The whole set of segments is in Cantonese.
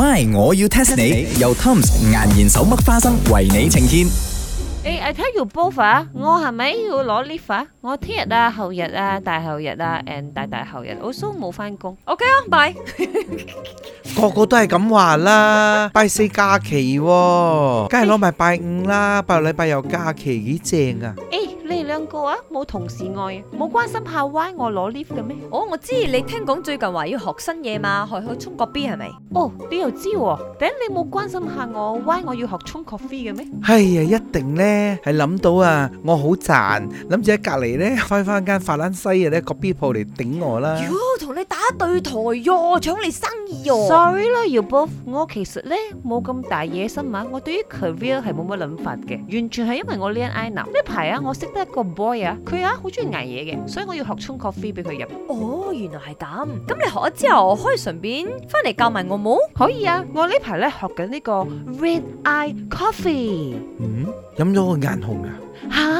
喂，我要 test 你。由 Tomson 毅然手剝花生，為你呈獻。誒，I tell you both 啊，我係咪要攞 leave？我聽日啊，後日啊，大後日啊，and 大大後日，我都冇翻工。OK 啊，bye。個個都係咁話啦，拜四假期，梗係攞埋拜五啦，拜禮拜又假期，幾正啊！兩個啊，冇同事愛，冇關心下 Why 我攞 lift 嘅咩？哦，我知你聽講最近話要學新嘢嘛，去去沖咖啡係咪？哦，你又知喎？頂你冇關心下我 Why 我要學沖咖啡嘅咩？哎呀，一定咧，係諗到啊，我好賺，諗住喺隔籬咧開翻間法蘭西嘅咧咖啡鋪嚟頂我啦。喲，同你打對台喲，搶你生意喲。Sorry 啦，Yobo，我其實咧冇咁大野心啊，我對於 career 係冇乜諗法嘅，完全係因為我呢一 line 啦。呢排啊，我識得一個。個、oh、boy 啊，佢啊好中意捱夜嘅，所以我要學沖 coffee 俾佢飲。哦，原來係咁，咁你學咗之後我可以順便翻嚟教埋我冇？可以啊，我呢排咧學緊呢個 red eye coffee。嗯，飲咗個眼紅啊。吓？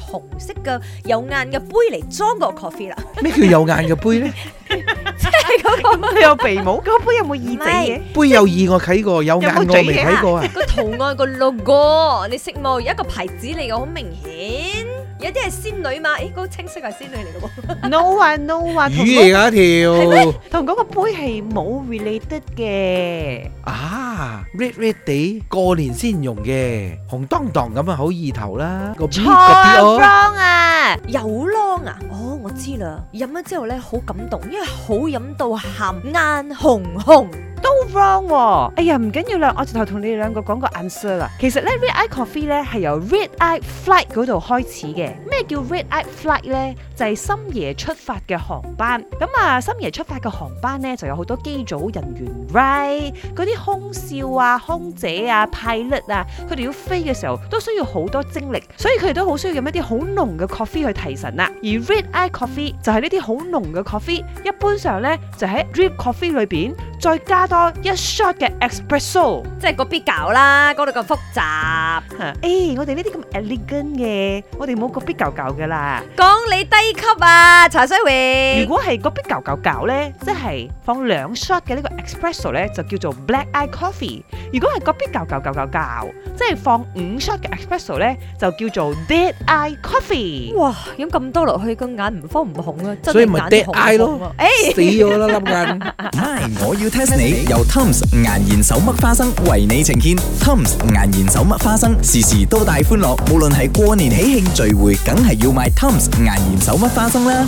紅色嘅有眼嘅杯嚟裝個 coffee 啦。咩叫有眼嘅杯咧？即係嗰個咩有鼻毛，嗰 杯有冇耳仔嘅？不 杯有耳我睇過，有眼我未睇過啊！個 圖案個 logo，你識冇？有一個牌子嚟嘅，好明顯。有啲係仙女嘛？誒，好清晰係仙女嚟咯喎。No 啊，no 啊，魚嚟嘅一條。係咩？同嗰個杯係冇 related 嘅。啊，red red 地過年先用嘅，紅當當咁啊，好意頭啦。個邊個啲哦？太 long 啊！有 long 啊？哦，我知啦。飲咗之後咧，好感動，因為好飲到喊眼紅紅。都 wrong 喎！哎呀，唔緊要啦，我直頭同你哋兩個講個 answer 啦。其實咧，Red Eye Coffee 咧係由 Red Eye Flight 嗰度開始嘅。咩叫 Red Eye Flight 咧？就係、是、深夜出發嘅航班。咁啊，深夜出發嘅航班咧，就有好多機組人員 ride 嗰啲空少啊、空姐啊、pilot 啊，佢哋要飛嘅時候都需要好多精力，所以佢哋都好需要用一啲好濃嘅 coffee 去提神啦。而 Red Eye Coffee 就係呢啲好濃嘅 coffee，一般上咧就喺 Red Coffee 裏邊。再加多一 shot 嘅 espresso，即係嗰邊搞啦？講到咁複雜嚇，誒我哋呢啲咁 elegant 嘅，我哋冇嗰邊搞搞嘅啦。講你低級啊，茶水榮！如果係嗰邊搞搞搞咧，即係放兩 shot 嘅呢個 espresso 咧，就叫做 black eye coffee。如果係嗰邊搞搞搞搞搞，即係放五 shot 嘅 espresso 咧，就叫做 dead eye coffee。哇！飲咁多落去個眼唔慌唔紅啊，真係眼都紅啊！誒死咗啦，冧眼！我要～test 你由 thumbs 岩鹽手剝花生為你呈現，thumbs 岩鹽手剝花生時時都帶歡樂，無論係過年喜慶聚會，梗係要買 thumbs 岩鹽手剝花生啦。